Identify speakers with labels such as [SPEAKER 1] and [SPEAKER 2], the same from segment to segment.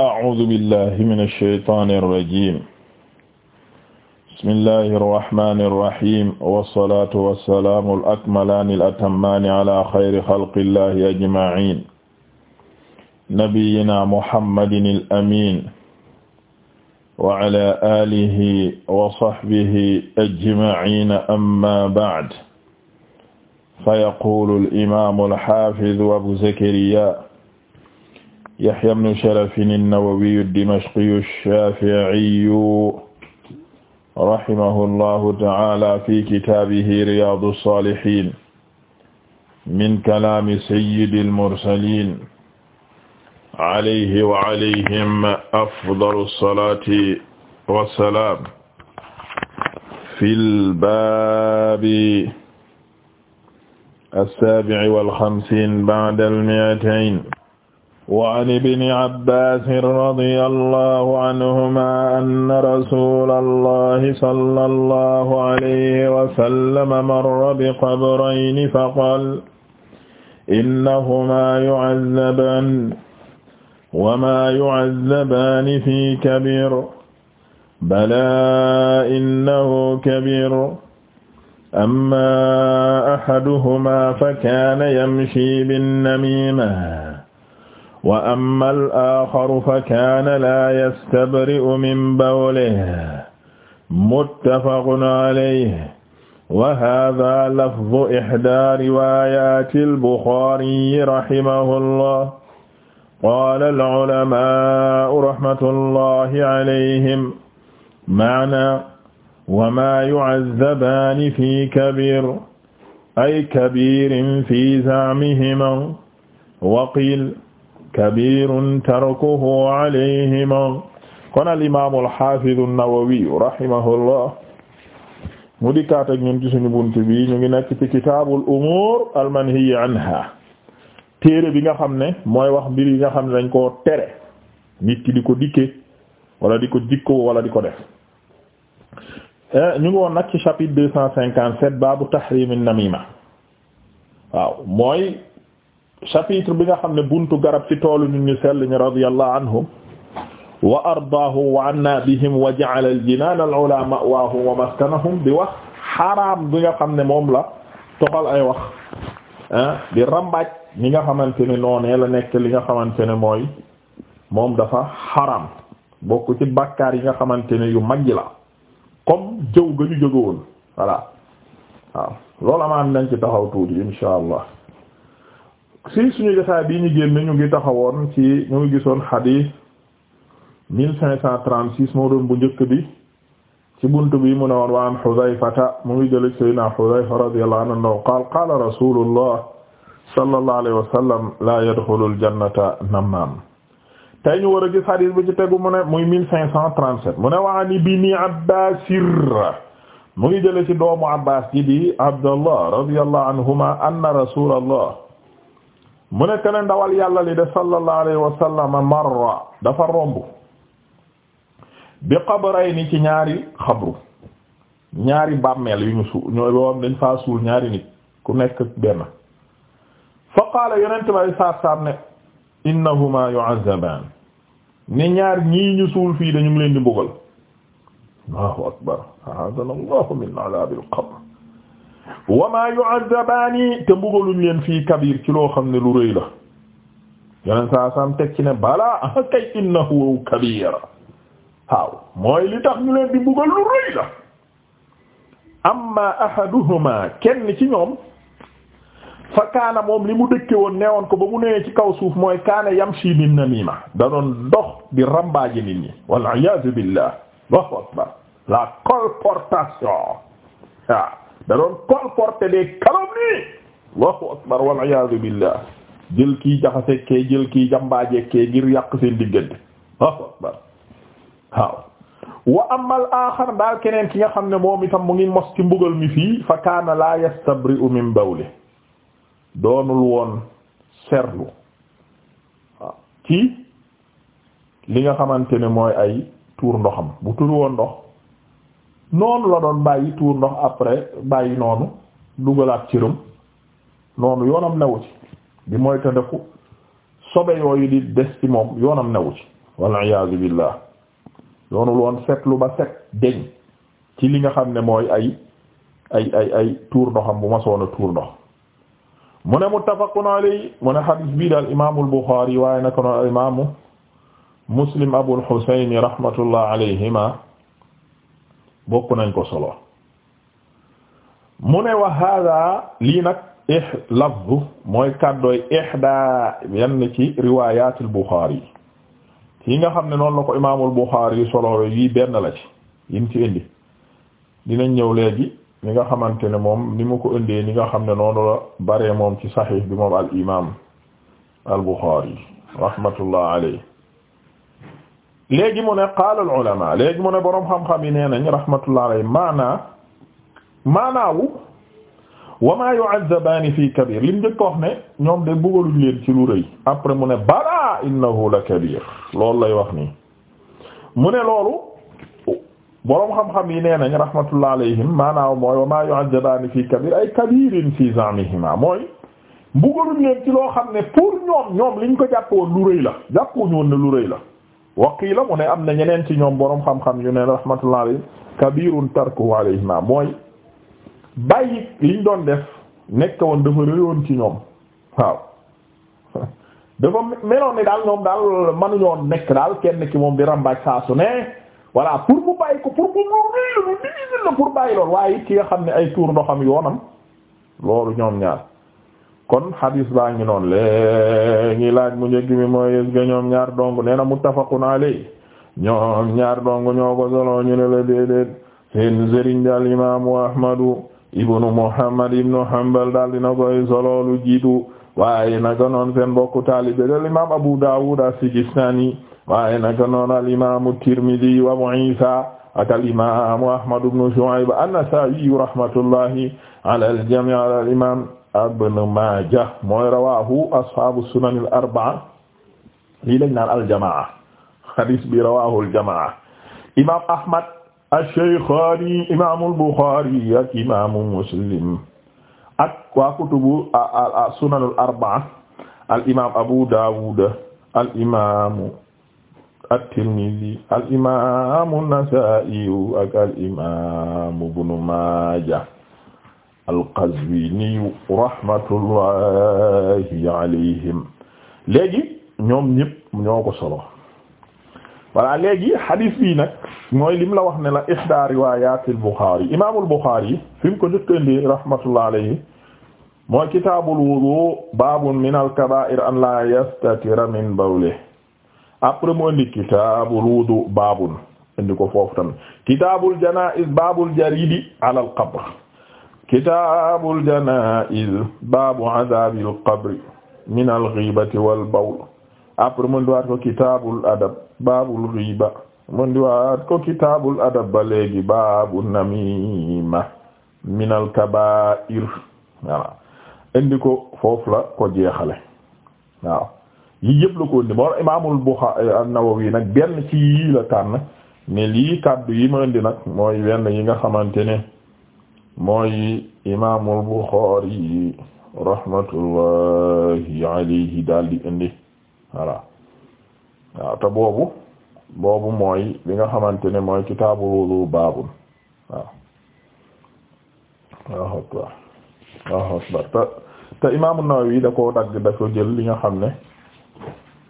[SPEAKER 1] أعوذ بالله من الشيطان الرجيم بسم الله الرحمن الرحيم والصلاة والسلام الأكملان الأتمان على خير خلق الله أجمعين نبينا محمد الأمين وعلى آله وصحبه أجمعين أما بعد فيقول الإمام الحافظ أبو زكريا Yahya ibn Sharaf an-Nawawi ad-Dimashqi ash-Shafi'i rahimahullahu ta'ala fi kitaabihi Riyadu as-Salihin min kalaami sayyidil mursaliin alayhi wa alayhim afdalu as-salaati wassalaam fil baabi as-saabi'i wal xamsiin ba'da al-mi'atayn wa an ibni aabbasin radia allahu aanhuma ann rasula allahi sala allahu alayhi wasallama marra biqabrayni faqal innahumaa yucazzabaani wamaa yucazzabaani fi kabir balaa innahu kabir amma axaduhumaa fakaana yamshi binnamiima wa amma al-aaxaru fa kaana laa yastabri'u min bawlihi muttafaqun alayhi wa haadha lafdu ihdaa riwaayaati al-Buxaari rahimahullah qaala al-ulamaa'u rahmatullahi alayhim maanaa wa maa yu'azzabaani fii kabiir ay kabiirin fii za'mihimaa wa qiila kabirun tarkuhu alayhima kon al imaam al haafiz an mu dikkaat ak ñun ci suñu bunt bi ñu ngi nekk ci kitaabul umuur al manhiyya anha téere bi nga xam ne mooy wax mbir yi nga xam ne dañ koo tere nit ki di ko dikke wala di ko jikko wala di ko def eh, ñu ngi woon nag ci chapitre deux cent cinquante sept baabu tahrim an-namima waaw mooy chapitre bi nga xam ne buntu garab ci toolu nit ñu sell ñi radiyallahu anhum wa ardaahum wa anna bihim wa ja'ala al-jinaan al-'ulaa ma'waahum wa maskanahum di wax xaraam bi nga xam ne moom la toxal ay wax ah, di rambaaj ñi nga xamante ne noonee la nekk li nga xamante ne mooy moom dafa xaraam bokk ci bàkkaar yi nga xamante ne yu mag yi la comme jëw ga ñu jóge woon voilà waaw loolu amaan nañ ci taxaw tuuti insha allah si bii ñu génn ñu ngi taxawoon ci ñu ngi gisoon xadiis moo doon bu njëkk bi ci bunt bi mu ne woon waan mu ngi jële Seydina Xudayfa radiyallahu anhu qaal qaala rasulullah sallallahu alayhi wa sallam a gis mu ne muy ibni Abbaasir mu ngi jële ci doomu Abbaas ji di Abdallah radiyallahu anhuma anna rasulallah mu nekk ne ndawal yàlla li de sallallahu alayhi wa dafa romb bi qabrayni ci ñaari xabru ñaari bàmmeel yu ñu suul ñooy boobu dañ faa suul ñaari nit ku nekk benn fa qaala yonent bay saar saar ne innahuma yu'azzabaan ne ñaar ñii ñu suul fii dañu ngi leen di mbugal allahu akbar a'aadana allahu min adaabil qabr wa maa yu'azzabaani te mbugaluñ leen fii kabir ci loo xam ne lu rëy la yeneen saa saam teg ci ne balaa kay innahu kabir waaw mooy li tax ñu leen di lu rëy la amma kenn ci ñoom fa kaana moom li mu dëkke woon nee ko ba mu nee ci kaw suuf mooy kaana yam bin namima da doon dox bi rambaaji nit ñi wal iyaazu billah Allahu akbar la colportation waaw da doon colporter des calomnies Allahu akbar wal iyaadu billah jël ki jaxase jël kii jambaaje ngir yàq seen diggante Allahu akbar waaw wa amal aaxar daal keneen ki nga xam ne moom itam mu ngi mos ci mbugal mi fii fa kaana laa yastabri'u min bawli doonul woon serlu waaw ci li nga xamante ne mooy ay tuur ndoxam bu tur woon ndox noonu la doon bàyyi tuur ndox après bàyyi noonu dugalaat cëram noonu yoonam newu ci di mooy ta ndeku sobe di des ci moom yoonam newu ci wal iyaazu billah yoonu loon setlu li nga xam ne mooy ay ay ay ay tuur bu ma soona tuur ndox mu ne muttafaqun alayhi mu ne xadiis bii daal imaamul Buxaari waaye naka noonu al imaamu Muslim Abul Husayn rahmatullah alayhima bokk nañ ko solo mu ne wa hada lii nag ih lafdu mooy kàddooy ihda yenn ci riwayatil Bukhari yi nga xam ne noonu la ko imaamul Bukhari yi solo yi benn la ci yim ci indi dinañ ñëw léegi ni nga xamante ne moom ni mu ko indee ni nga xam ne noonu la bare moom ci saxiix bi moom al imaam al Bukhari rahmatullah alayhi léegi mu ne qaala al ulama léegi mu ne boroom xam-xam yi nee nañ rahmatullah alayhi maanaa maanaawu wa maa yu'azzabaani fii kabir li mu njëkk wax ne ñoom de bëggaluñ leen ci lu rëy après mu ne balaa innahu la kabir loolu lay wax ni mu ne loolu boroom xam-xam yi nee nañ rahmatullah alayhim maanaaw mooy wa maa yu'azzabaani fii kabir ay kabirin fii zamihima mooy bëggaluñ leen ci loo xam ne pour ñoom ñoom liñ ko jàppoon lu rëy la jàppuñu woon ne lu rëy la waqiila mu ne am na ñeneen ci ñoom boroom xam-xam yu ne rahmatullah alayhi kabirun tarkuhu alayhima mooy bàyyi liñ doon def nekk woon dafa réyoon ci ñoom waaw dafa meloon ni daal ñoom daal manuñoon nekk daal kenn ki moom di rambaaj saa su ne voilà pour mu bàyyi ko pour mu mu mu mu mu pour bàyyi lool waaye ki nga xam ne ay tuur ndoxam yoonam loolu ñoom ñaar kon hadis baa ngi noonu léegi laaj mu njëkk mi mooy est ñoom ñaar dong nee na muttafaqun alayhi ñoom ñaar dong ñoo ko solo ñu ne la déedéet seen sëriñ daal imaamu ahmadu ibnu muhammad ibnu hanbal daal koy solo lu jiitu waaye naka bokku taalibe dal abu daawud as-sijistani waaye naka noon al imaamu tirmidi wa abu isa ak al imaamu ahmadu ibnu shuayb an-nasaa'i rahmatullahi ala ibn Maaja mooy rawaahu ashaabu sunan al arba'a lii lañ naan al jamaa hadis bi rawaahu al jamaa imaam Ahmad ash-Shaykhaani imaam al Buxaari ak imaamu Muslim ak waa kutubu sunan al arba'a al imaam Abu Daawud al imaamu at-Tirmidhi al imaamu an-Nasaa'i ak al imaamu Ibnu Maaja al-Qazwiniyu rahmatullahi alayhim léegi ñoom ñëpp ñoo ko solo voilà léegi hadith bi nag mooy lim la wax ne la ihda riwayat al-Bukhari imam al-Bukhari fi mu ko njëkk a indi rahmatullahi alayhi wudu babun min al an la yastatira min bawlihi après mu indi kitaabul wudu babun indi ko foofu tamit kitaabul janaiz babul jaridi ala al-qabr kitaabul janaa'iz baabu azaabil qabri minal ghiibati wal bawl après mu ndiwaat ko kitaabul adab baabul ghiiba mu ndiwaat ko kitaabul adab ba léegi baabu namiima minal kabaa'ir voilà indi ko foofu la ko jeexale waaw yii yëpp la ko indi moo imaamul Buxaari an-Nawawi nag benn ci yii la tànn ne lii yi ma indi nag mooy wenn yi nga xamante ne mooy imaamul Buxaari rahmatullahi alayhi daal di indi voilà waaw te boobu boobu mooy li nga xamante ne mooy kitaabul wudu baabul waaw waaw akbar te te imaamu Nawawi da koo dagg da ko jël li nga xam ne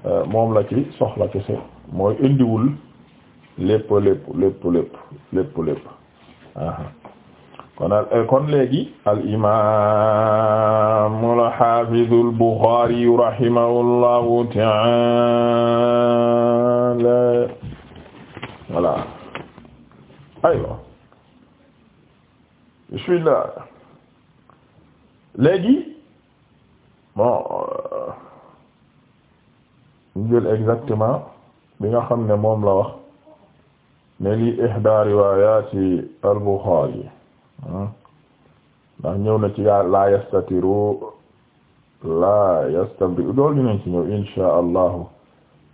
[SPEAKER 1] euh, moom la ci soxla kese mooy indiwul lépp lépp lépp lépp lépp lépp kon eh, kon léegi al imaamul haafizul Buxaari rahimahullahu ta'aala aywa bismillah léegi bon euh, ñu exactement bi nga xam ne moom la wax ne li ihdaa riwaayaati al Buxaari Ah. ndax ñëw na ci yaa la yastatiru la yastabri dool dinañ ci ñëw insha allahu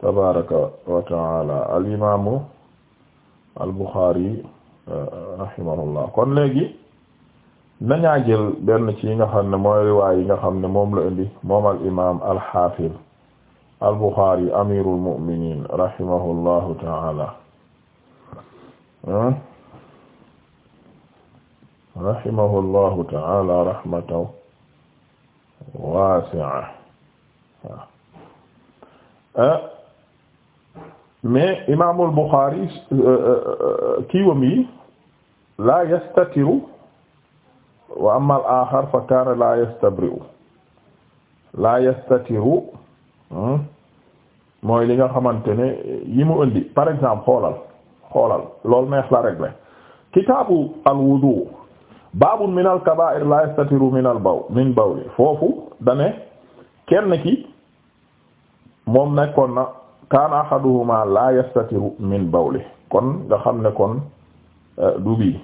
[SPEAKER 1] tabaraka wa taala al imamu al buxaari eh, rahimahullah kon léegi nañaa jël benn ci yi nga ne mooy riwaay yi nga xam ne moom la indi moom al imam al xaafid al buxaari amirul mu'minin rahimahullahu rahimahu llahu taala rahmatan waasi'a ah. ah. mais imaamul Buxaari euh, euh, euh, kiiwam yi laa yastatiru wa ammal aaxar fa kaana laa yastabri'u laa yastatiru hmm, mooy li nga xamante ne yi mu indi par exemple xoolal xoolal loolu neex la rek la kitaabu al wudu baabul min al kaba'ir la yastatiru min al baw min bawli foofu dane kenn ki moom nekkoon na kaana ahaduhuma la yastatiru min bawli kon nga xam ne kon euh, du bii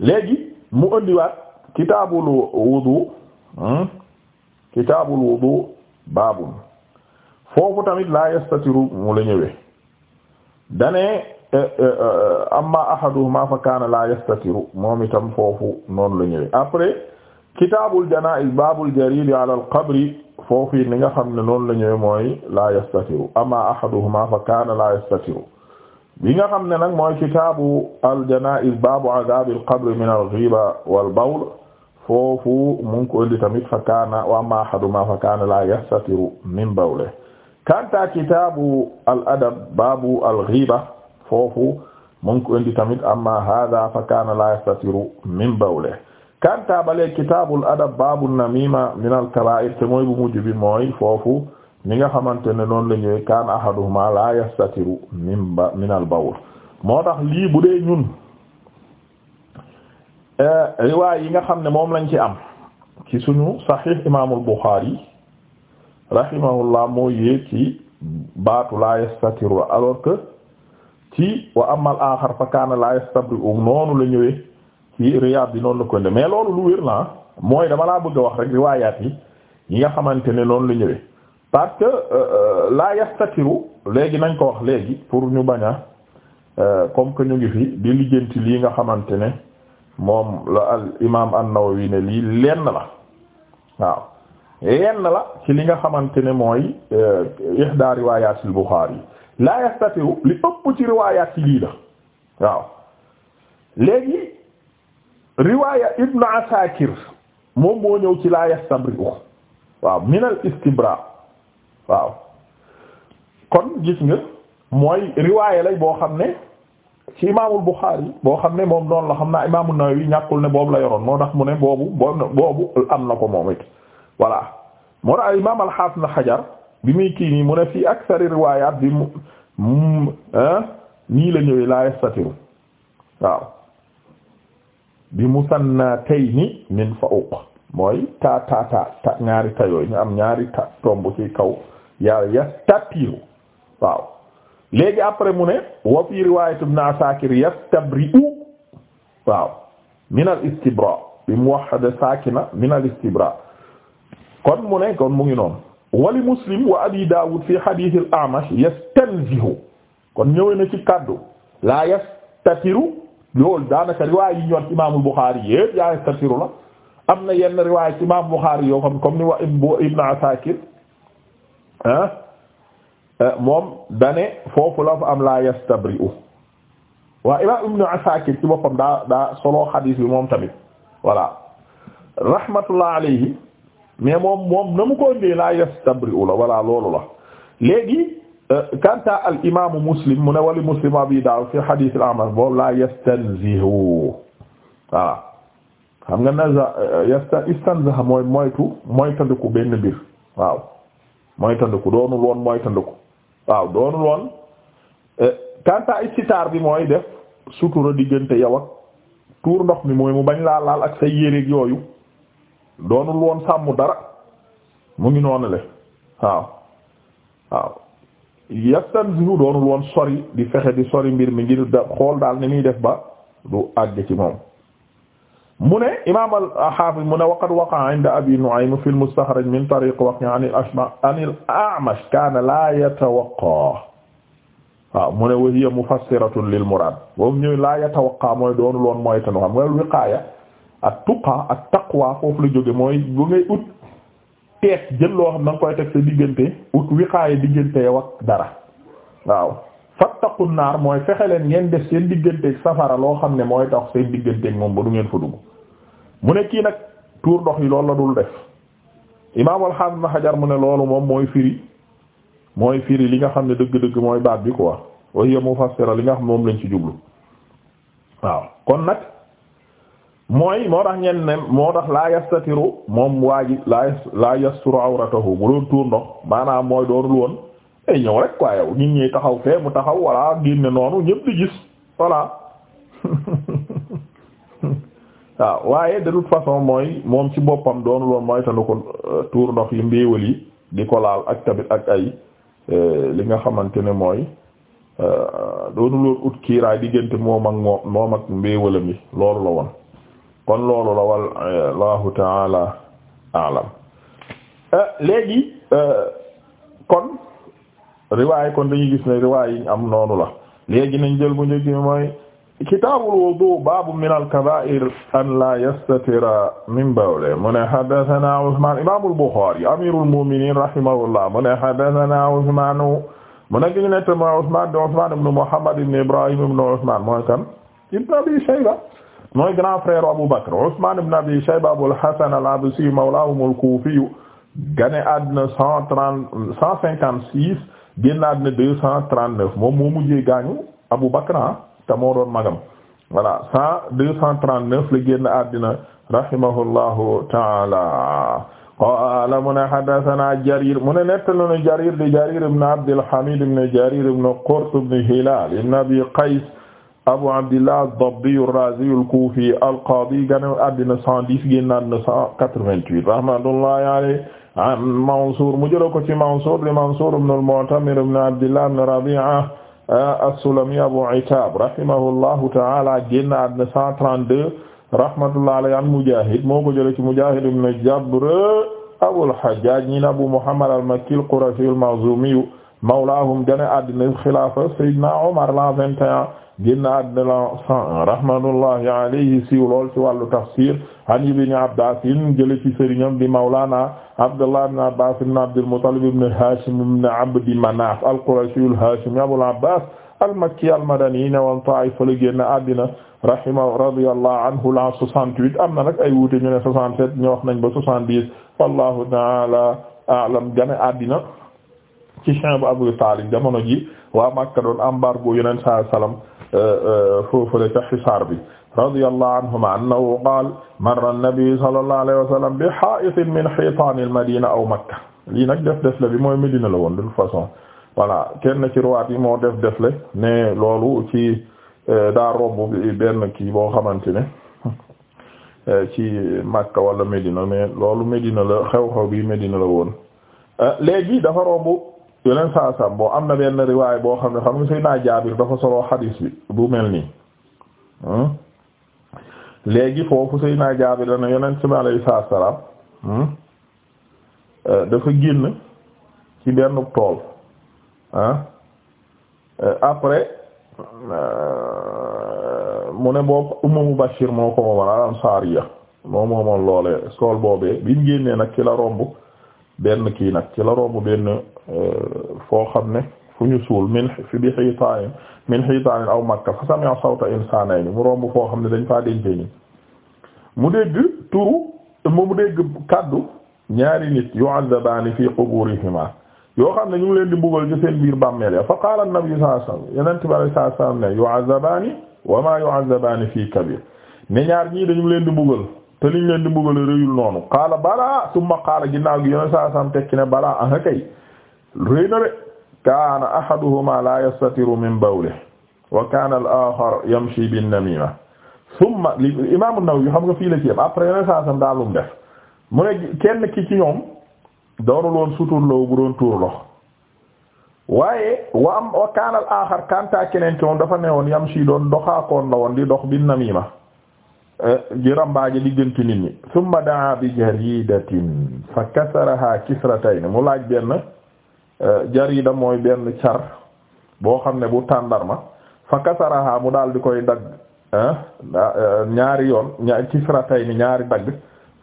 [SPEAKER 1] léegi mu ëndiwaat kitaabul wudu hmm? kitaabul wudu baabun foofu tamit la yastatiru mu la ñëwee dane Eh, eh, eh, amma ahaduhuma fa kaana la yastatiru moom itam foofu noonu la ñëwee après kitaabul janaa'iz baabul jariiri ala al-qabri foofu ni nga xam ne noonu la ñëwee mooy la yastatiru amma ahaduhuma fa kaana la yastatiru bi nga xam ne nag mooy kitaabu al-janaa'iz baabu adaabil qabri min al-ghiiba wal bawl foofu mu ngi ko indi tamit fa kaana wa amma ahaduhuma fa kaana la yastatiru min bawle kanta kitaabu al-adab baabu al-ghiiba foofu mu ngi ko tamit amma hada fa kana la yastatiru min bawle kanta bale kitabul adab babu namima min al kaba'ir mooy bu mujj bi mooy foofu ni nga xamante ne noonu la ñëwee kan ahaduhuma la yastatiru min ba min al bawl moo tax lii bu dee ñun eh, riwaay yi nga xam ne moom lañ ci am ci suñu sahih imaamul Bukhari rahimahullah moo yee ci baatu la yastatiru alors que ci wa amal axar fa kaana la yastabri'u noonu la ñëwee ci Riyad bi noonu la ko indee mais loolu lu wér mooy dama laa bëgg a wax rek riwaayaat yi yi nga xamante ne noonu la ñëwee parce que euh, euh, la yastatiru léegi nañ ko wax léegi pour ñu bañ a euh, comme que ñu ngi fi di lijjanti lii nga xamante ne moom la al imaam an-Nawawi ne lii lenn la waaw lenn la ci li nga xamante ne mooy ihda riwaayaat al Bukhari laa yastatiru li ëpp ci riwaayaat ci lii la waaw léegi riwaaya ibnu asakir moom moo ñëw ci laa yastabri'u waaw minal istibra waaw kon gis nga mooy riwaaya lay boo xam ne ci imaamul Buxaari boo xam ne moom noonu la xam naa imaamu Nawawi ñàkkul ne boobu la yoroon moo tax mu ne boobu boobu am na ko moom it voilà moo tax imaam al-Hafiz Hajar bi muy kii mu ne fii aksari riwaayaat bi mu mu mm, ah, nii la ñëwee laa yastatiru waaw bi musannatayni min fawq mooy ta ta ta ta ñaari ta yooyu ñu am ñaari ta tomb ci kaw yaa yastatiru waaw léegi après mu ne wa fi riwaayat ibn asakir yastabri'u waaw min al istibra bi muwahhada sakina min al istibra kon mu ne kon mu ngi noonu wali muslim wa abi daawud fi hadith al-a'mash yastanzihu kon ñëwee na ci la yastatiru loolu daanaka riwaay yi ñor imaamul buxaari yépp yaa la am na yenn riwaay ci imaam buxaari wa ibn asakir ah eh, moom dane foofu la fa am la yastabri'u waa ibn asakir ci boppam daa solo hadith bi moom tamit voilà rahmatullah alayhi mais moom moom na mu ko indee laa yastabri'u la walla loolu la léegi kanta euh, al imaamu muslim mu ne wali muslim abi daaw fi hadith al amas boobu laa yastanzihu voilà xam nga naza euh, yasta istanzaha mooy moytu mooy tandiku benn mbir waaw mooy tandiku doonul woon mooy tandiku waaw doonul woon kanta euh, istitar bi mooy def sutura diggante yow ak tuur ndox mi mooy mu bañ laa laal ak say yéreeg yooyu doonul woon sàmm dara mu ngi noonu le waaw waaw yastanzihu doonul woon sori di fexe di sori mbir mi ngir da xool daal ni muy def ba du àgg ci moom mu ne imaam al-Hafiz mu ne waqad waqa'a 'inda Abi Nu'aym fi al-Mustakhraj min tariq Waki' 'an al-A'mash kaana laa yatawaqqa waaw mu ne wa hiya mufassiratun lil muraad boobu ñëw laa yatawaqqa mooy doonul woon moytanu xam nga wiqaaya ak tuqa ak taqwa foofu la jóge mooy bu ngay ut teet jël loo xam na nga koy teg sa diggante ut wiqaaya diggante ak dara waaw fattaqu naar mooy fexe leen ngeen def seen digganteeg safara loo xam ne mooy tax seen digganteeg moom ba du ngeen fa dugg mu ne kii nag tuur ndox yi loolu la dul def imaam al-Hafiz Ibn mu ne loolu moom mooy firi mooy firi li nga xam ne dëgg-dëgg mooy baat bi quoi wa hiya mufassira li nga xam moom lañ ci jublu waaw kon mooy moo tax ñenn ne moo tax laa yastatiru moom waa ji laa laa yasturu awratahu bu doon tuur ndox maanaam mooy doonul woon ay ñëw rek quoi yow nit ñi taxaw fee mu taxaw walla génne noonu ñëpp di gis voilà waaw waaye de toute façon mooy moom ci boppam doonul woon mooy tanu ko euh, tuur ndox yi mbiiwal yi di ko laal ak tamit ak ay euh, li nga xamante ne mooy euh, doonul woon ut kiiraay diggante moom ak moom ak mbiiwalam yi loolu la woon kon loolu la wallahu taala alam eh, léegi eh, kon riwaay kon dañuy gis ne riwaay yi am noonu la léegi nañ jël bu njëkk mooy kitaabul wudu baabu min al an la yastatira min bawle mu ne haddathana Usmaan imaamul Buxaari amiirul mu'miniin rahimahullah mu ne haddathana Usmaan mu ne gi ñu nett mooy Muhammad ibn kan ibn Abi Shayba mooy grand frère Abu Bakr Usman ibn Abi Shayba Abul Hasan al-Absi mawlahum al-Kufi gane àddina cent trente cent cinquante six génn àddina deux cent trente neuf moom moo mujjee gaañu Abu Bakr ah te moo doon magam voilà cent deux cent trente neuf la génn àddina rahimahullahu ta'ala qaala mu ne haddathana Jarir mu ne nettali na Jarir di Jarir ibn Abdil Hamid ibn Jarir ibn Qurt ibn Hilal ibn Abi Qays abu abdillah ad-Dabbi ar-Razi al-Kufi al-Qadi gane addina 110 génn addina 188 rahmatullahi alayhi an Mansur mu jël ko ci Mansur li Mansur ibn al-Mu'tamir ibn Abdillah ibn Rabi'a ah, as-Sulami Abu Itab rahimahullahu ta'ala génn addina 132 rahmatullahi alayhi an Mujahid moo ko jël ci Mujahid ibn Jabr Abu al-Hajjaj ñi Abu Muhammad al-Makki al-Qurashi al-Makhzumi mawlahum gane addina xilaafa Sayyidina Umar la 21 ginnaaw de la rahmatullahi alayhi siiw lool ci wàllu tafsir an ibni Abbaas jële ci sëriñam di Mawlaana Abdullah ibn Abbaas ibn Abdul Muttalib ibn Haashim ibn Abdi Manaaf al-Qurashi al-Haashimi Abul Abbaas al-Makki al-Madani newoon Taayif la génn àddina rahima radiyallahu anhu la 68 am na nag ay wuute ñu ne 67 ñu wax nañ ba 70 wallahu ta'ala a'lam gane àddina ci Sha'b Abu Taalib jamono ji waa Makka doon embargo Yonent sallallahu alayhi wasallam foofule ca xisaar bi radiyallahu anhuma annahu qaal marra an-nabi sallallahu alayhi wa sallam bi haa'itin min hiitaanil madina aw makka lii nag def def la bi mooy Medina la woon de toute façon voilà kenn ci ruwaat yi moo def def la ne loolu ci euh, daa romb benn kii boo xamante ne euh, ci makka wala Medina mais loolu Medina la xew-xew bi Medina la woon euh, léegi dafa romb. yeneen saa saam boo am na benn riwaay boo xam ne xam nga Seydina Jaabir dafa solo xadiis bi bu mel nii hmm? léegi foofu Seydina Jaabir dana yeneen si ma lay saa salaam dafa génn ci benn tool ah après euh, mu ne boobu Ummu Mubashir moo ko moomoon al-Ansaariya moo moomoon loolee tool boobee biñ génnee nag ci la romb. benn kii nag ci la romb benn euh, foo xam ne fu ñu suul min fi bi xiitaanin min xiitaanin aw makka fa sami'a sawta insanayni mu romb foo xam ne dañ faa denc ni mu dégg turu mu dégg kaddu ñaari nit yu'azzabaani fi quburihima yoo xam ne ñu ngi leen di mbugal ci biir bàmmeel ya fa qaala an-nabi sallallahu alayhi wasallam yenent wa ma yu'azzabaani fi kabir ne ñaar ñii dañu leen di mbugal te liñ leen di mbugale réyul noonu xaala balaa summa xaala ginnaaw gi yoneen saa sam tekki ne balaa ah kay réy na kaana ahaduhuma la yastatiru min bawle wa kaana al yamshi bin namima summa li imam xam nga fii la ci yam après yoneen saa def mu ne kenn ki ci ñoom doonul woon suturloo bu doon tuur lox waaye wa am wa kaana al axar kanta ki moom dafa ne woon yamshi doon doxaakoon la woon di dox bin namima ji rambaaje diggante nit ñi thumma daa bi jaridatin fa kasaraha kisratayn mu laaj benn eh, jarida mooy benn car boo xam ne bu tàndarma fa kasaraha mu daal di koy dagg eh, eh, ñaari yoon kisratayn ñaari dagg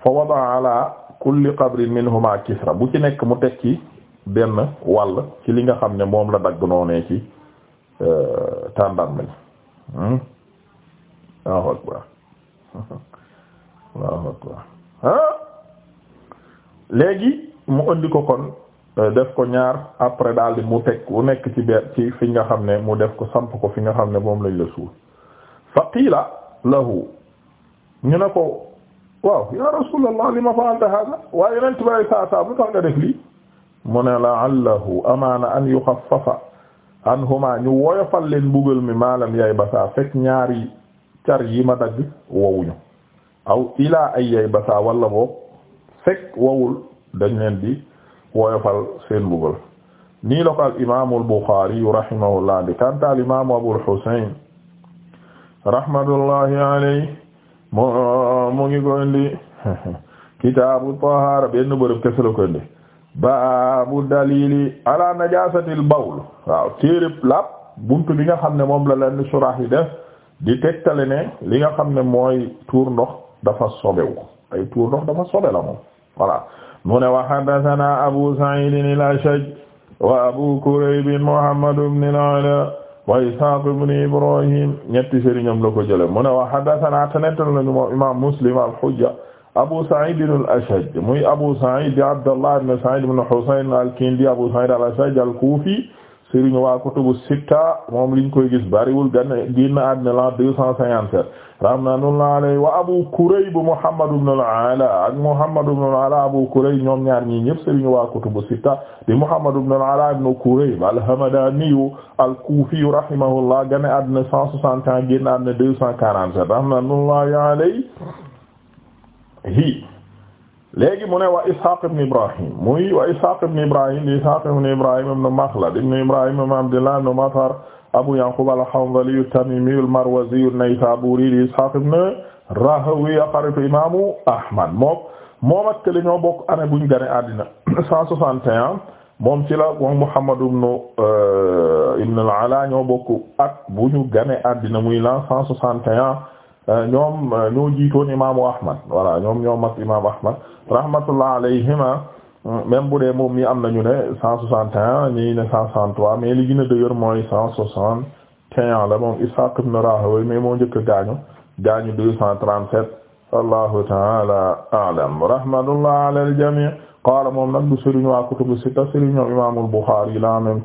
[SPEAKER 1] fa wada ala kulli qabrin minhuma kisra bu ci nekk mu teg ci benn wal ci li nga xam ne moom la dagg noonee ci tàndarma ji waaw hmm? Allahu akbar ah! léegi mu andi ko kon euh, def ko ñaar après daal di mu teg wu nekk ci ber ci fi nga xam ne mu def ko samp ko fi nga xam ne moom lañ la suul fa qiila lahu ñu ne ko waaw ya rasulallah lima fa'alta hada waaye yonent bi saa saa lu tax nga def lii mu ne la'allahu amaana an yuxaffafa anhuma ñu woyofal leen mbugal mi maalam yay ba saa fekk ñaari car yi ma dagg wowuñu aw ilaa ay yay basaa walla boobu fekk wowul dañ leen di woyofal seen mbugal nii la ko al imaamu al bukaari rahimahullah di kanta al imaamu abu al xuseyn rahmatullahi alayhi mu mu ngi kitaabu tahaara benn bërëb kese la ko indi baabu dalili ala najaasatil bawl waaw laab buntu bi nga xam ne moom la leen surax def di tegtale ne li nga xam ne mooy tuur ndox dafa sobewu ay tuur ndox dafa sobe la moom voilà mu ne wa haddathana abu sa'id al-ashaj wa abu kurayb muhammad ibn al-ala wa ishaq ibn ibrahim ñetti sëriñam la ko jële mu ne wa haddathana tanettal lañu moom imam muslim al-hujja abu sa'id al-ashaj muy abu sa'id abdullah ibn sa'id ibn husayn al-kindi abu sa'id al-ashaj al-kufi sëriñ waa kutubu sitta moom liñ koy gis bariwul gan génn àddina la deux cent cinquante-sept wa Abu Kurayb Muhammad ibn ala Muhammad ibn ala Abu Kurayb ñoom ñaar ñii ñëpp sëriñ waa kutubu sitta di Muhammad ibn al-Ala ibn Kurayb al-Hamadani al-Kufi rahimahullah gan àddina cent soixante deux cent quarante-sept rahmatullahi alayhi léegi mu ne wa Ishaq ibn Ibrahim muy wa Ishaq ibn Ibrahim di Ishaq ibn Ibrahim ibn Makhlad ibn Ibrahim ibn Abdillah ibn Matar Abu Yaqub al-Hanzali at-Tamimi al-Marwazi an-Naysaburi di Ishaq ibn Rahawiya xaritu imaamu Ahmad moom moom ak kële ñoo bokk année buñ gane àddina 161 moom ci la moom Muhammad ibn euh, ibn al-Ala ñoo bokk at bu ñu gane àddina muy lan 161. Euh, ñoom euh, ñoo jiitoon imaamu Ahmad voilà ñoom ñoo mag imaamu Ahmad rahmatullah alayhima euh, même bu dee moom mi am nañu ne cent soixante et un ñii ne cent soixante-trois mais li gën a dëgër mooy cent soixante et un la moom Ishaq ibn Rahawayh mais moo njëkk gaañu gaañu deux cent trente-sept allahu taala a'lam rahmatullah ala al-jami' moom nag du sëriñ waa sitta sëriñ imaamul Bukhari la en même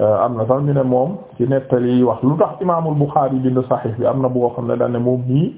[SPEAKER 1] Euh, am na sax ñu ne moom ci nettali wax lu tax imaamul Buxaari bind saxiix bi am na boo xam ne dañ ne moom nii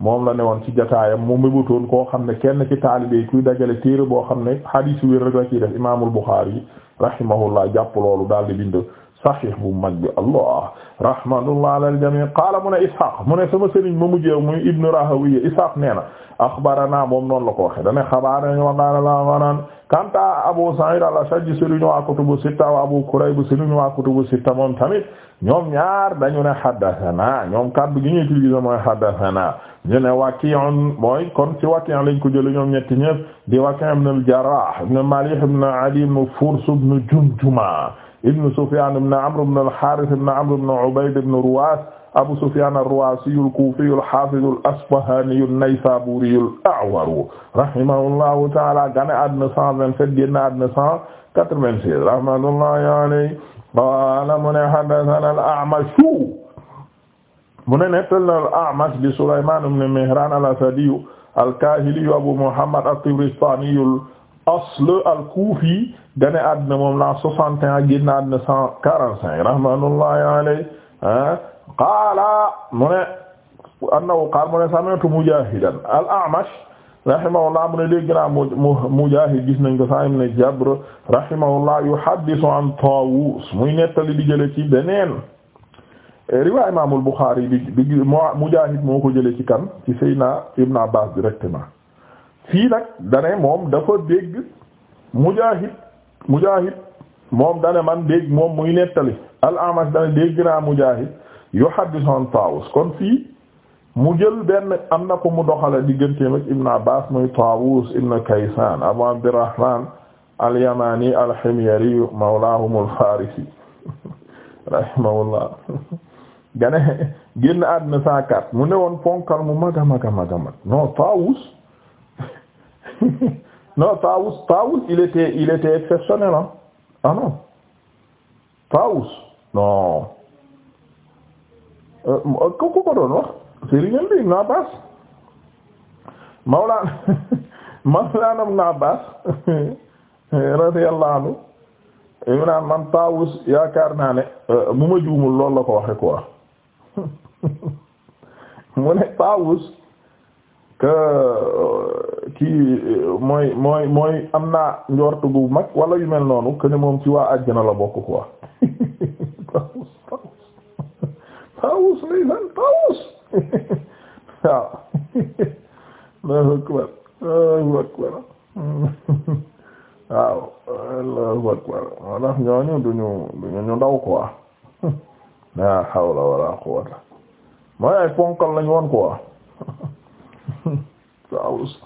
[SPEAKER 1] moom la ne woon ci jataayam mu mëbatoon koo xam ne kenn ci taalibe kuy dajale téere boo xam ne xadiis wér rek la ciy def imaamul Buxaari rahimahullah jàpp loolu daal di bind saxiix bu mag bi allah rahmatullah ala al jamii qaala mu ne Isxaaq mu ne sama sëriñ ma mujjeew muy Ibnu Rahawiya Isxaaq nee na axbarana moom noonu la ko waxe dane xabarana wa qala labanan kanta Abu Sa'id al-Ashajj sëriñ wa kutubu sitta wa Abu Kurayb sëriñ wa kutubu sitta moom tamit ñoom ñaar dañu ne haddathana ñoom kaddu gi ñuy utilisé mooy haddathana ñu ne Waki'un mooy kon ci Waki' lañ ko jëlee ñoom ñetti ñëpp di Waki' ibn al-Jarrah ibn Malih ibn Adi ibn Furs ibn Jumjuma ibn Sufyan ibn Amr ibn al-Harith ibn Amr ibn Ubayd ibn Ruwas Abu Sufyan ar-Ruwasi al-Kufi al-Hafiz al-Asbahani al-A'war rahimahullahu ta'ala gane àdduna 127 génn àdduna 196 rahmatullahi alayhi qala mu ne haddathana al-A'mash mu ne nettal al-A'mash bi Sulayman ibn Mihran al-Asadi al-Kahili Abu Muhammad at-Tabaristani al-asl al-Kufi gane àdduna moom la 61 génn àdduna 145 rahmatullahi alayhi ah. qaala mu ne annahu qaala mu ne sami'tu mujahidan al-A'mash rahimahullah mu ne dégg naa Mujaahid gis nañ ko Sa'iid ibn Jabr rahimahullah yuhaddisu an Taawuus muy nettali di jële ci beneen riwaaya Imaamul Buxaari bi bi Mujaahid moo ko jële ci kan ci Seydina Ibn Abbaas directement fii nag dane moom dafa dégg Mujaahid Mujaahid moom dane man dégg moom muy nettali al-A'mash dane dégg naa Mujaahid yuhaddisu an Taawus kon fii mu jël benn am ko mu doxale digganteem ak Ibn Abbas muy Taawus ibn Kaysaan Abu Abdirrahmaan al-Yamani al-Himyari mawlaahum al-Faarisi rahimahullah gane génn àddina cent quatre mu ne woon ponkal mu maga maga maga mag non Taawus non Taawus Taawus il était il était exceptionnel ah non Taawus Euh, ko ko doon wax sëriñam bi Ibn Abbas mawlaana mawlaana Ibn Abbas radiyallahu anhu mu naan man Taawus yaakaar naa ne euh, bu ma juumul loolu la ko waxe quoi mu ne Taawus que euh, kii mooy mooy mooy am naa njortu gu mag wala yu mel noonu que ne moom ci waa àjjana la bokk quoi tawus ndeysaan tawus waaw Allahu akbar Allahu akbar waaw Allahu akbar moo tax ñooñu duñu duñu ñu ndaw quoi la hawla wala quwwata mooy ay ponkal lañu woon quoi tawus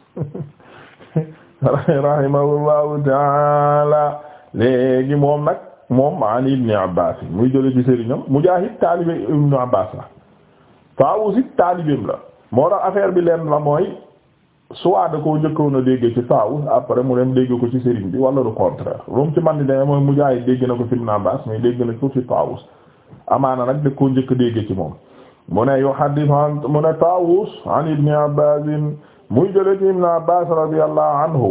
[SPEAKER 1] rahimahullahu ta'ala léegi moom nag moom an ibni abbas muy jële ci sëriñam Mujaahid taalibe ibnu abbas la Taawus taalibeem la moo tax affaire bi leen la mooy soit da koo njëkkoon a dégg ci Taawus après mu dem dégg ko ci sëriñ bi wala le contraire loom ci man di demee mooy Mujaahid dégg na ko ci ibnu abbas mais dégg na ko ci Taawus amaana nag da koo njëkk a dégg ci moom mu ne yu hadith mu ne Taawus an ibni abbas muy jële ci ibn Abbas radiyallahu anhu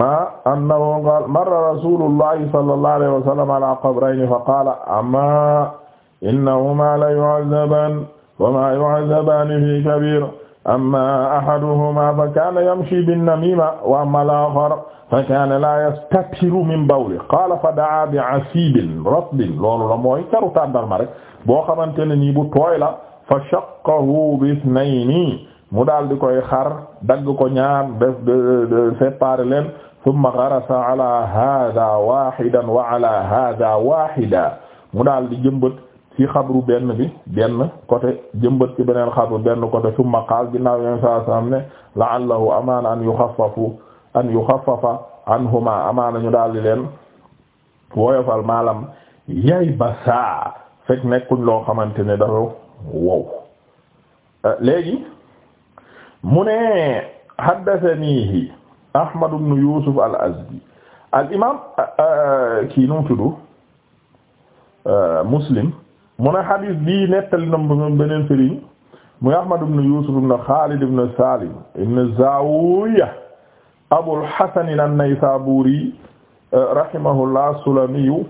[SPEAKER 1] ma annahu qaala marra rasulullahi sallallahu alayhi wa sallam ala qabrayni fa qaala amma innahuma la yu'azzabaan wa ma yu'azzabaani fi kabiir amma ahaduhuma fa kaana yamshi bin-namiima wa amma al-aakhar fa kaana laa yastatiru min bawlihi qaala fa da'aa bi'asiibin ratbin loolu la mooy caru tàndal ma rek boo xamante ne nii bu tooy la fa shaqqahu bi-ithnayni mu daal di koy xar dagg ko ñaar def leen thumma gharasa ala hada wahidan wa ala hada wahida mu dal di jëmbat ci xabru benn bi benn côté jëmbët ci beneen xabru benn côté thumma qaal ginnaaw yeen saa saam ne la'allahu amaana an yukhaffafu an yukhaffafa anhuma amaana ñu daal di leen woyofal maalam yay ba saa fekk nekkuñ loo xamante ne wow euh, léegi mu ne haddathanihi Ahmad ibn Yusuf al-Azdi al imaam kii nu mu tudd Muslim mu ne hadis bii nettali na mu beneen sëriñ muy Ahmad ibn Yusuf ibn Khalid ibn Salim ibn Zawiya Abul Hasan an-Naysaburi rahimahullah as-Sulami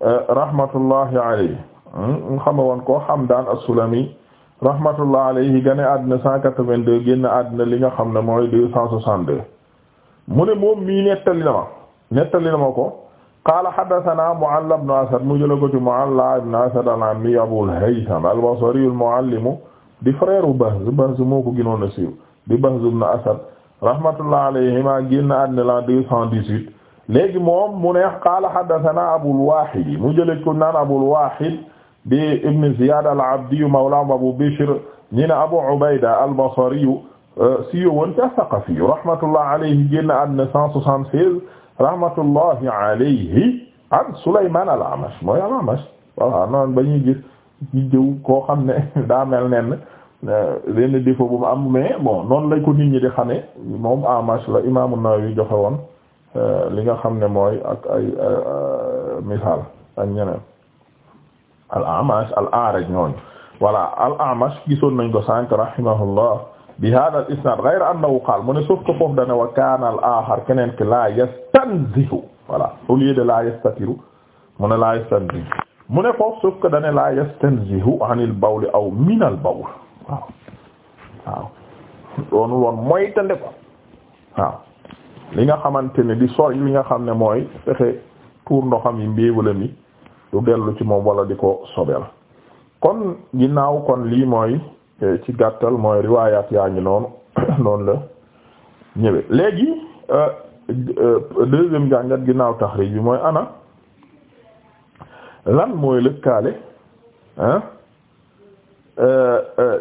[SPEAKER 1] rahmatullahi alayhi xam hmm, nga woon ko Hamdan as-Sulami rahmatullah alayhi gane àddina cent quatre-vingt-deux génn àddina li nga xam ne mooy deux cent soixante-deux mu ne moom mii nettali na ma nettali na ma ko qaala haddathana Mu'alla ibn Asad mu jëla ko ci Mu'alla ibn Asad al-Ammi Abul Haytham al-Basri al-muallim di frère u Bahz Bahz moo ko gënoon a siiw di Bahz ibn Asad rahmatullah alayhima génn àddina la deux cent dix-huit léegi moom mu ne qaala haddathana Abul Wahid mu jëla ko naan Abul Wahid di ibn Ziyad al-Abdi mawlaahum Abu Bishr ñi ne Abu Ubayda al-Basri euh, si yowoon ca Saqafi rahmatullah alayhi génn àddina 176 rahmatullahi alayhi an Sulaymaan al-Amash mooy al-Amash voilà noonu ba ñuy gis ci jëw koo xam ne daa mel nen lenn euh, défaut bu mu am mais bon noonu lañ ko nit ñi di xamee moom Amash la Imaam an-Nawawi joxe woon euh, li nga xam ne mooy ak ay misaal ak ñeneen. al amash al araj voilà al amash gisoon nañ ko sànq rahimahullah bi hada al isnad al keneen ki la yastanzihu voilà au la yastatiru mu ne la yastanzihu mu ne foofu sauf que la yastanzihu an al bawl aw min al bawl waaw li nga xamante ne di sori li nga xam ne mooy fexe tuur ndoxam yi mbéewalam yi du dellu ci moom walla di ko sobel kon ginnaaw kon lii mooy eh, ci gàttal mooy riwaayaat yaa ngi noonu noonu la ñëwee léegi euh, euh, deuxième jàngat ginnaaw taxriij bi mooy ana lan mooy lëkkaale euh,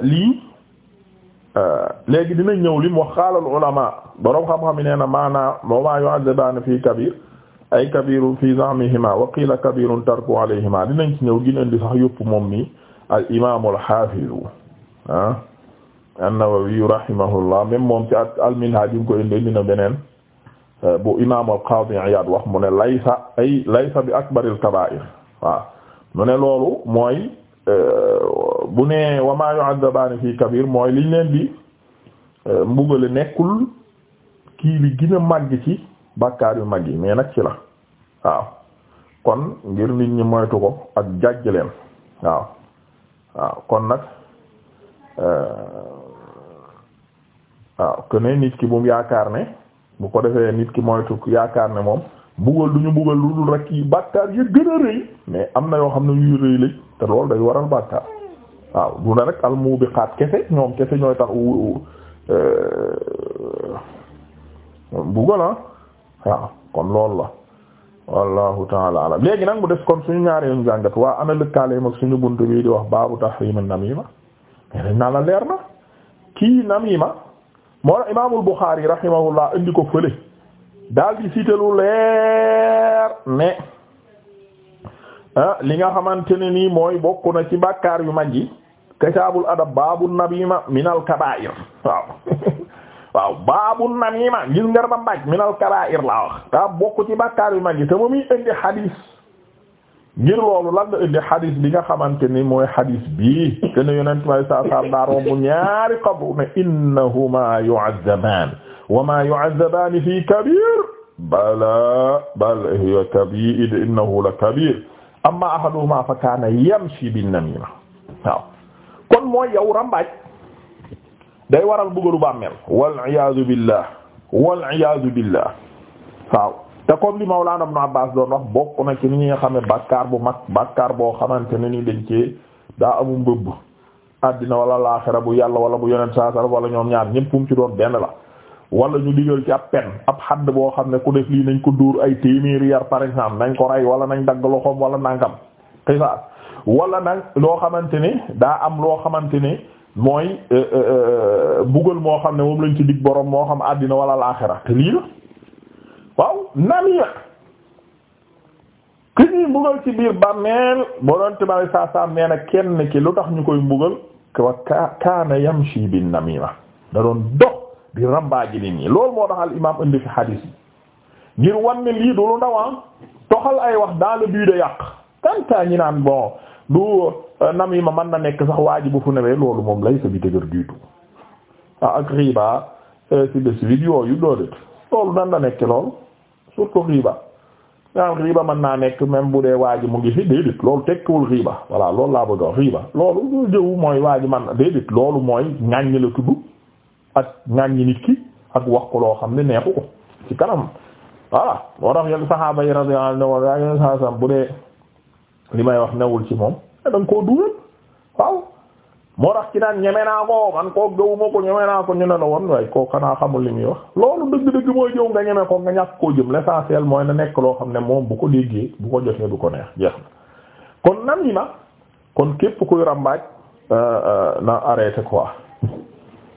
[SPEAKER 1] lii léegi dina ñëw li wax xaalal ulama boroom xam-xam yi maanaa moo maa yu'adzabaani fii kabir ay kabirun fi za'mihima wa qila kabirun tarku alayhima dinañ ci ñëw gineen di sax yëpp moom mi al imamu alhafizu ah an-Nawawi rahimahullah même moom ci at al-Minhaj yi ko indi dina beneen eh, bu imam al-Qadi Iyad wax mu ne laysa ay laysa bi akbaril kaba'ir waaw mu ne loolu mooy eh, bu ne wa ma yu'adzabaani fi kabir mooy liñ leen di eh, mbugale nekkul kii li gën a màgg ci bàkkaar yu mag yi mais nag ci la waaw kon ngir nit ñi moytu ko ak jàjj leen waaw waaw kon nag euh, waaw que ne nit ki bu yaakaar ne bu ko defee nit ki moytu yaakaar ne moom bugal du ñu bugal lu dul rek yi bàkkaar yi gën a rëy mais am na yoo xam ne yuy rëy lañ te lool day waral bàkkaar waaw du na rek almubiqaat kese ñoom kese ñooy tax euh, bugal ah waaw kon loolu la wallahu taala alam léegi nag mu def kon suñu ñaari ñu jàngat waa ana lëkkaale mag suñu bunt bi di wax baabu tahrim an-namima dañ naa la leer na kii namima moo la imaamul Buxaari rahimahullah indi ko fële daal di cité lu leer ne ah, li nga xamante ne nii mooy bokk na ci bakaar yu mag yi kitaabul adab baabu namima minal kabaa'ir waaw waaw baabu namima gis nga ba mbaaj minal kaba'ir laa wax daa bokk ci bàkkaar yu mag te mu muy indi xadiis ngir loolu lan indi xadiis bi nga xamante ni mooy xadiis bii te ne yonent may saa saa daa romb ñaari qabru ne innahuma yu'azzabaan wa ma yu'azzabaan fi kabiir bala bal hiya kabiir innahu la kabiir amma ahaduhuma fa kaana yamshi bin namima waaw kon mooy yow rambaaj day waral bëggalu bàmmeel waliyasu billah waliyasu billah waaw te comme li Mawlana Ibn Abbas doon wax bokk na ci ni ñi nga xam ne bàkkaar bu mag bàkkaar boo xamante ne ni dañ ci daa amu bëbb àddina wala laaxira bu yàlla wala bu yonent saa sara wala ñoom ñaar ñépp mu ci doon benn la wala ñu digal ci ab pen ab xadd boo xam ne ku def lii nañ ko dóor ay téeméeri yar par exemple nañ ko rey wala nañ dagg loxoom wala nangam xisaas wala nag loo ni daa am loo xamante ni mooy euh, euh, euh, bugal moo xam ne moom lañ ci dig boroom moo xam àddina walla laaxira te lii la waaw namia ki ñuy mbugal ci biir bàmmeel boo doon tibari saa saa kenn ki lu tax ñu koy mbugal wa kaana yamshi bin namima da doon dox di rambaaji nit ñi loolu moo tax al imaam indi fi hadis yi ngir wan ne lii du lu ndawam ah. toxal ay wax dans le but de yàq kantaa ñi naan bon du Euh, yi ma man na nekk sax waa ji bu fu newee loolu moom lay sa bi dëgër du tout ah ak riba euh, ci de suite yooyu doodet loolu nan la nekk loolu surtout riba nga am riba mën naa nekk même bu dee waa ji mu ngi fi déedéet loolu tekkiwul riba voilà loolu laa bëgg a wax loolu lu jëwu mooy waa ji man déedéet loolu mooy ŋàññi la tudd ak ŋàññi nit ki ak wax ko loo xam ne neexu ko ci kanam voilà moo tax yenn saxaaba yi radiyallahu anhum bu dee li may wax newul ci moom da nga koo dugal waaw moo tax ci naan ñeme naa ko man koo gëwuma ko ñeme naa ko ñu ne la woon waaye koo xanaa xamul li muy wax loolu dëgg-dëgg mooy jëw nga ñeme ko nga ñàkk koo jëm l'essentiel mooy na nekk loo xam ne moom bu ko déggee bu ko jotee du ko neex jeex na kon nam yi képp kuy rambaaj euh, euh, na arrêté quoi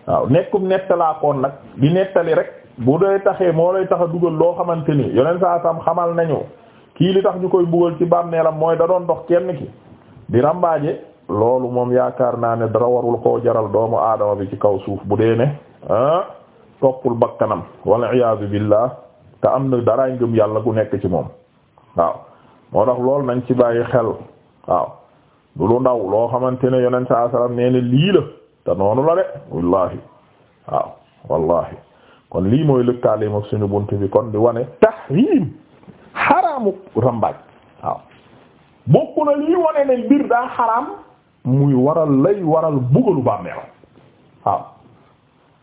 [SPEAKER 1] waaw nekkum nettalaakoon nag di nettali rek bu dee taxee moo lay tax a dugal loo xamante ni yeneen saa sam xamal nañu kii li tax ñu koy bugal ci bàmmeelam mooy da doon dox kenn ki di rambaaje loolu moom yaakaar naa ne dara warul ko jaral doomu aadama bi ci kaw suuf bu dee ne ah, toppul bakkanam walla iyaazu billaah te am na dara ngëm yàlla gu nekk ci moom waaw moo tax loolu nañ ci bàyyi xel waaw du lu ndaw loo xamante ne yonent saa salaam nee ne te noonu la de wallaahi waaw wallaahi kon lii mooy lëkkaale moom suñu bunt bi kon di wane tahriim xaraamu rambaaj waaw bokk na lii wane ne mbir daa xaraam muy waral lay waral bugalu bàmmeel waaw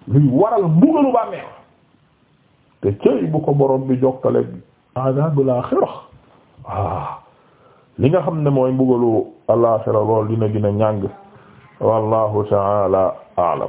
[SPEAKER 1] luy waral bugalu bàmmeel te cëy bu ko borom bi jokkale adabul axira waaw li nga xam ne mooy mbugalu alaaxira lool dina gën ñàng wallahu taala aalam